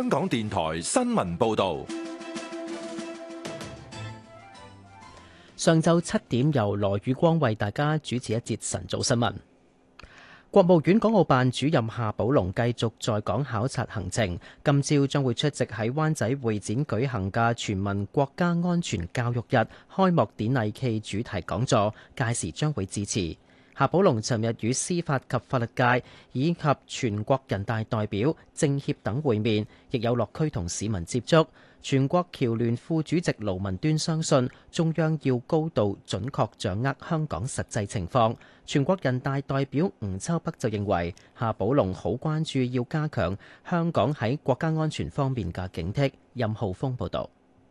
香港電台新聞報道，上晝七點由羅宇光為大家主持一節晨早新聞。國務院港澳辦主任夏寶龍繼續在港考察行程，今朝將會出席喺灣仔會展舉行嘅全民國家安全教育日開幕典禮暨主題講座，屆時將會致辭。夏寶龍尋日與司法及法律界以及全國人大代表、政協等會面，亦有落區同市民接觸。全國僑聯副主席盧文端相信中央要高度準確掌握香港實際情況。全國人大代表吳秋北就認為夏寶龍好關注要加強香港喺國家安全方面嘅警惕。任浩峰報導。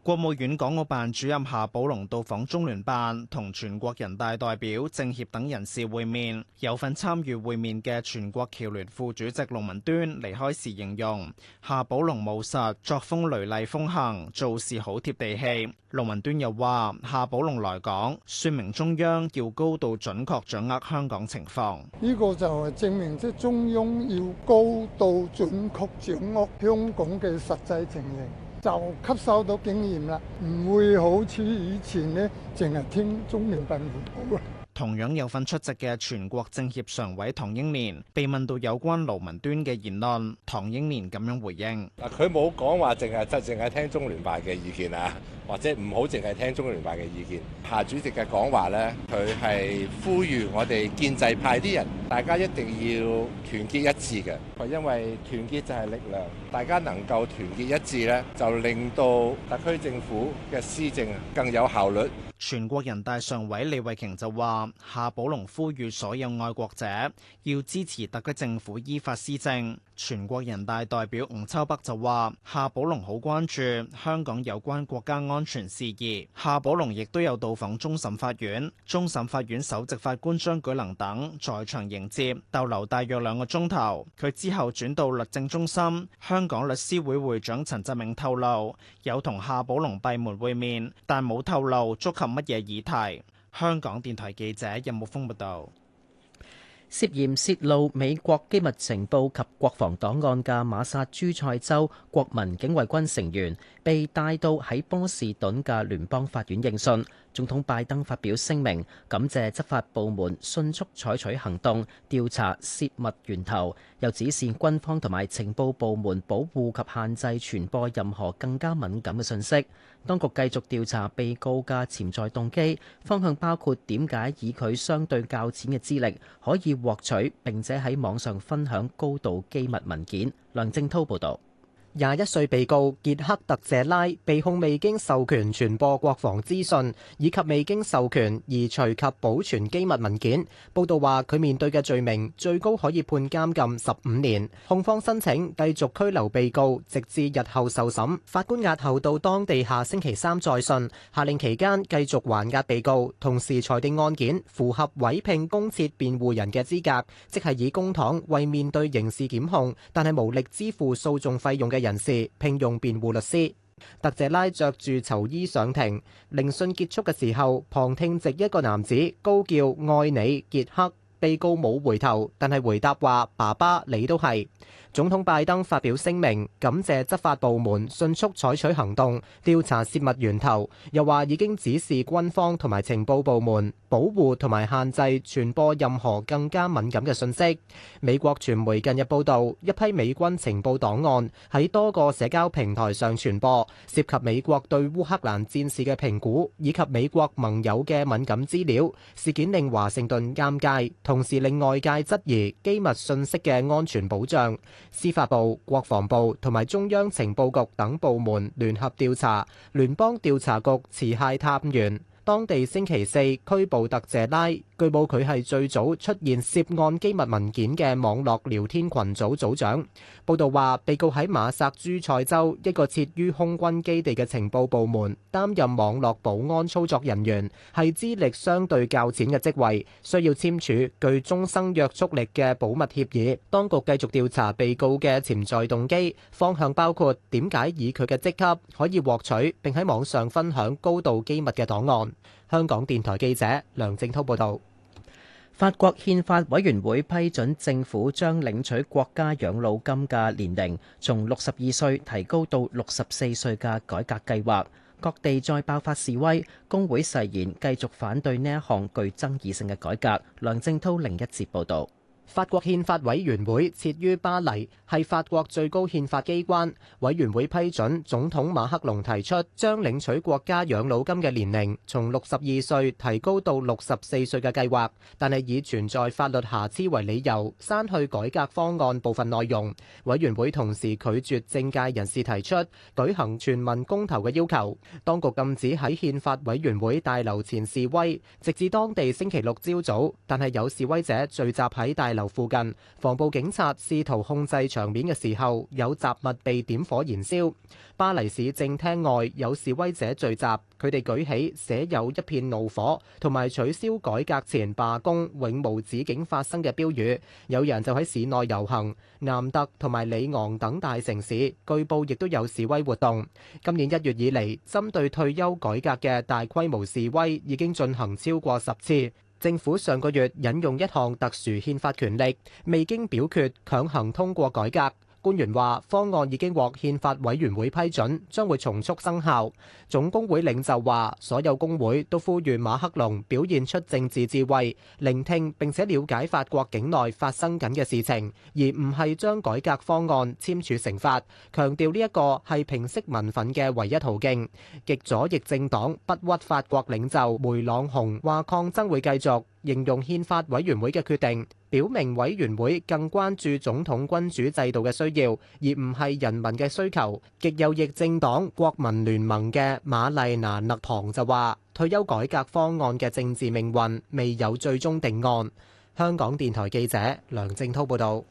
國務院港澳辦主任夏寶龍到訪中聯辦，同全國人大代表、政協等人士會面。有份參與會面嘅全國僑聯副主席盧文端離開時形容，夏寶龍務實，作風雷厲風行，做事好貼地氣。盧文端又話，夏寶龍來港，說明中央要高度準確掌握香港情況。呢個就係證明，即中央要高度準確掌握香港嘅實際情形。就吸收到經驗啦，唔會好似以前呢，淨係聽中聯辦。同樣有份出席嘅全國政協常委唐英年被問到有關盧文端嘅言論，唐英年咁樣回應：嗱，佢冇講話，淨係就淨係聽中聯辦嘅意見啊，或者唔好淨係聽中聯辦嘅意見。夏主席嘅講話咧，佢係呼籲我哋建制派啲人，大家一定要團結一致嘅，因為團結就係力量。大家能夠團結一致咧，就令到特區政府嘅施政更有效率。全國人大常委李慧瓊就話夏寶龍呼籲所有愛國者要支持特區政府依法施政。全國人大代表吳秋北就話：夏寶龍好關注香港有關國家安全事宜。夏寶龍亦都有到訪終審法院，終審法院首席法官張舉能等在場迎接，逗留大約兩個鐘頭。佢之後轉到律政中心。香港律師會會長陳澤銘透露，有同夏寶龍閉門會面，但冇透露觸及乜嘢議題。香港電台記者任木峯報道。涉嫌洩露美國機密情報及國防檔案嘅馬薩諸塞州國民警衛軍成員，被帶到喺波士頓嘅聯邦法院應訊。總統拜登發表聲明，感謝執法部門迅速採取行動調查洩密源頭，又指示軍方同埋情報部門保護及限制傳播任何更加敏感嘅信息。當局繼續調查被告嘅潛在動機，方向包括點解以佢相對較淺嘅資歷可以獲取並且喺網上分享高度機密文件。梁正滔報導。廿一歲被告傑克特謝拉被控未經授權傳播國防資訊，以及未經授權移除及保存機密文件。報道話佢面對嘅罪名最高可以判監禁十五年。控方申請繼續拘留被告，直至日後受審。法官押後到當地下星期三再訊，下令期間繼續還押被告，同時裁定案件符合委聘公設辯護人嘅資格，即係以公帑為面對刑事檢控，但係無力支付訴訟費用嘅人人士聘用辯護律師，特謝拉着住囚衣上庭。聆訊結束嘅時候，旁聽席一個男子高叫愛你，傑克，被告冇回頭，但係回答話爸爸，你都係。總統拜登發表聲明感謝執法部門迅速採取行動調查泄密源頭，又話已經指示軍方同埋情報部門保護同埋限制傳播任何更加敏感嘅信息。美國傳媒近日報導，一批美軍情報檔案喺多個社交平台上傳播，涉及美國對烏克蘭戰事嘅評估以及美國盟友嘅敏感資料。事件令華盛頓尷尬，同時令外界質疑機密信息嘅安全保障。司法部、國防部同埋中央情報局等部門聯合調查，聯邦調查局持械探員當地星期四拘捕特謝拉，據報佢係最早出現涉案機密文件嘅網絡聊天群組組長。報道話，被告喺馬薩諸塞州一個設於空軍基地嘅情報部門擔任網絡保安操作人員，係資歷相對較淺嘅職位，需要簽署具終生約束力嘅保密協議。當局繼續調查被告嘅潛在動機，方向包括點解以佢嘅職級可以獲取並喺網上分享高度機密嘅檔案。香港電台記者梁正濤報道：法國憲法委員會批准政府將領取國家養老金嘅年齡從六十二歲提高到六十四歲嘅改革計劃。各地再爆發示威，工會誓言繼續反對呢一項具爭議性嘅改革。梁正濤另一節報道。法國憲法委員會設於巴黎，係法國最高憲法機關。委員會批准總統馬克龍提出將領取國家養老金嘅年齡從六十二歲提高到六十四歲嘅計劃，但係以存在法律瑕疵為理由，刪去改革方案部分內容。委員會同時拒絕政界人士提出舉行全民公投嘅要求。當局禁止喺憲法委員會大樓前示威，直至當地星期六朝早。但係有示威者聚集喺大樓。附近防暴警察試圖控制場面嘅時候，有雜物被點火燃燒。巴黎市政廳外有示威者聚集，佢哋舉起寫有一片怒火同埋取消改革前罷工永無止境發生嘅標語，有人就喺市內遊行。南特同埋里昂等大城市據報亦都有示威活動，今年一月以嚟，針對退休改革嘅大規模示威已經進行超過十次。政府上個月引用一項特殊憲法權力，未經表決強行通過改革。官員話方案已經獲憲法委員會批准，將會從速生效。總工會領袖話，所有工會都呼籲馬克龍表現出政治智慧，聆聽並且了解法國境內發生緊嘅事情，而唔係將改革方案簽署成法，強調呢一個係平息民憤嘅唯一途徑。極左翼政黨不屈法國領袖梅朗雄話抗爭會繼續。形容憲法委員會嘅決定，表明委員會更關注總統君主制度嘅需要，而唔係人民嘅需求。極右翼政黨國民聯盟嘅馬麗娜納堂就話：退休改革方案嘅政治命運未有最終定案。香港電台記者梁正滔報導。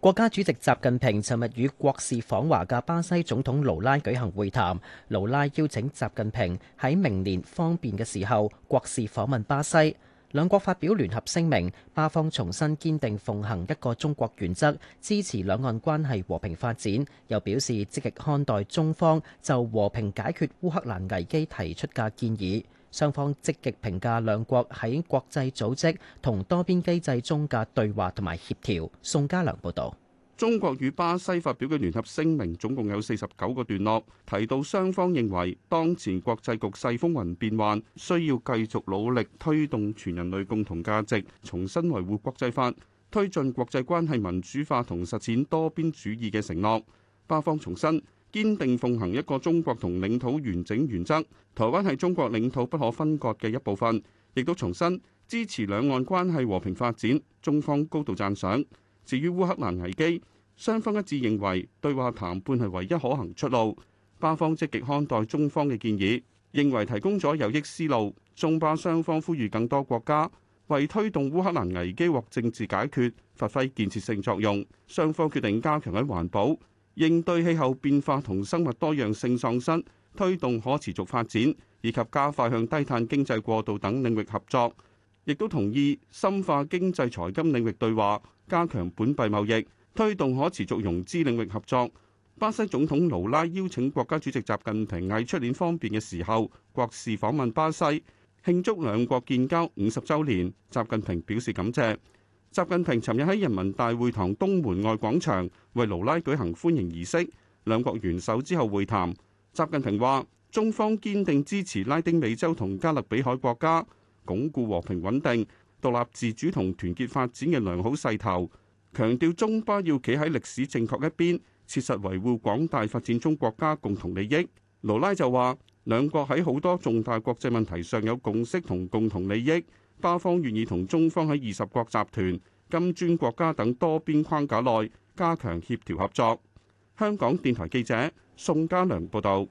國家主席習近平尋日與國事訪華嘅巴西總統盧拉舉行會談，盧拉邀請習近平喺明年方便嘅時候國事訪問巴西。兩國發表聯合聲明，巴方重新堅定奉行一個中國原則，支持兩岸關係和平發展，又表示積極看待中方就和平解決烏克蘭危機提出嘅建議。雙方積極評價兩國喺國際組織同多邊機制中嘅對話同埋協調。宋家良報導。中國與巴西發表嘅聯合聲明總共有四十九個段落，提到雙方認為當前國際局勢風雲變幻，需要繼續努力推動全人類共同價值，重新維護國際法，推進國際關係民主化同實踐多邊主義嘅承諾。巴方重申堅定奉行一個中國同領土完整原則，台灣係中國領土不可分割嘅一部分，亦都重申支持兩岸關係和平發展。中方高度讚賞。至於烏克蘭危機，雙方一致認為對話談判係唯一可行出路。巴方積極看待中方嘅建議，認為提供咗有益思路。中巴雙方呼籲更多國家為推動烏克蘭危機或政治解決發揮建設性作用。雙方決定加強喺環保、應對氣候變化同生物多樣性喪失、推動可持續發展以及加快向低碳經濟過渡等領域合作。亦都同意深化經濟財金領域對話，加強本幣貿易，推動可持續融資領域合作。巴西總統盧拉邀請國家主席習近平喺出年方便嘅時候國事訪問巴西，慶祝兩國建交五十週年。習近平表示感謝。習近平尋日喺人民大會堂東門外廣場為盧拉舉行歡迎儀式，兩國元首之後會談。習近平話：中方堅定支持拉丁美洲同加勒比海國家。鞏固和平穩定、獨立自主同團結發展嘅良好勢頭，強調中巴要企喺歷史正確一邊，切實維護廣大發展中國家共同利益。盧拉就話，兩國喺好多重大國際問題上有共識同共同利益，巴方願意同中方喺二十國集團、金磚國家等多邊框架內加強協調合作。香港電台記者宋嘉良報道。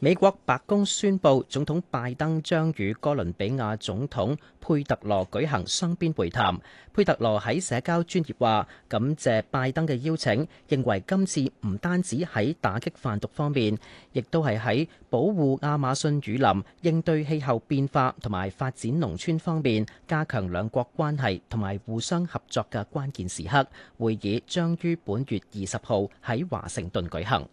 美國白宮宣布，總統拜登將與哥倫比亞總統佩特羅舉行雙邊會談。佩特羅喺社交專頁話：感謝拜登嘅邀請，認為今次唔單止喺打擊販毒方面，亦都係喺保護亞馬遜雨林、應對氣候變化同埋發展農村方面加強兩國關係同埋互相合作嘅關鍵時刻。會議將於本月二十號喺華盛頓舉行。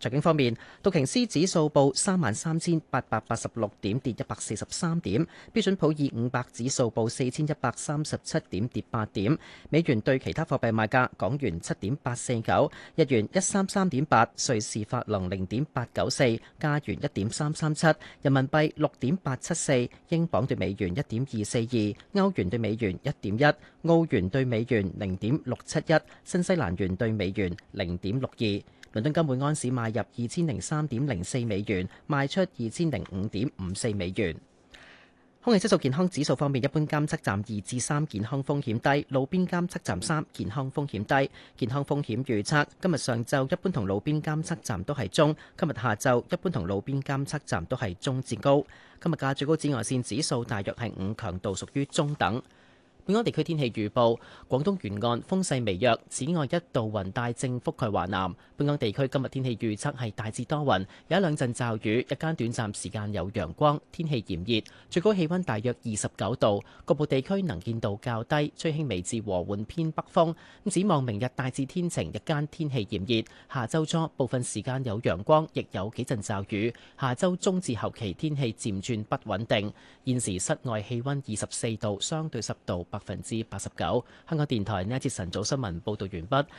財經方面，道瓊斯指數報三萬三千八百八十六點，跌一百四十三點，標準普爾五百指數報四千一百三十七點，跌八點，美元兌其他貨幣，賣價港元七點八四九，日元一三三點八，瑞士法郎零點八九四，加元一點三三七，人民幣六點八七四，英鎊對美元一點二四二，歐元對美元一點一，澳元對美元零點六七一，新西蘭元對美元零點六二。倫敦金每安士賣。入二千零三點零四美元，賣出二千零五點五四美元。空氣質素健康指數方面，一般監測站二至三，健康風險低；路邊監測站三，健康風險低。健康風險預測：今日上晝一般同路邊監測站都係中；今日下晝一般同路邊監測站都係中至高。今日嘅最高紫外線指數大約係五，強度屬於中等。本港地區天氣預報，廣東沿岸風勢微弱，此外一道雲帶正覆蓋華南。本港地區今日天氣預測係大致多雲，有一兩陣驟雨，日間短暫時間有陽光，天氣炎熱，最高氣溫大約二十九度。局部地區能見度較低，吹輕微至和緩偏北風。咁展望明日大致天晴，日間天氣炎熱，下週初部分時間有陽光，亦有幾陣驟雨。下周中至後期天氣漸轉不穩定。現時室外氣溫二十四度，相對濕度百分之八十九。香港電台呢一節晨早新聞報道完畢。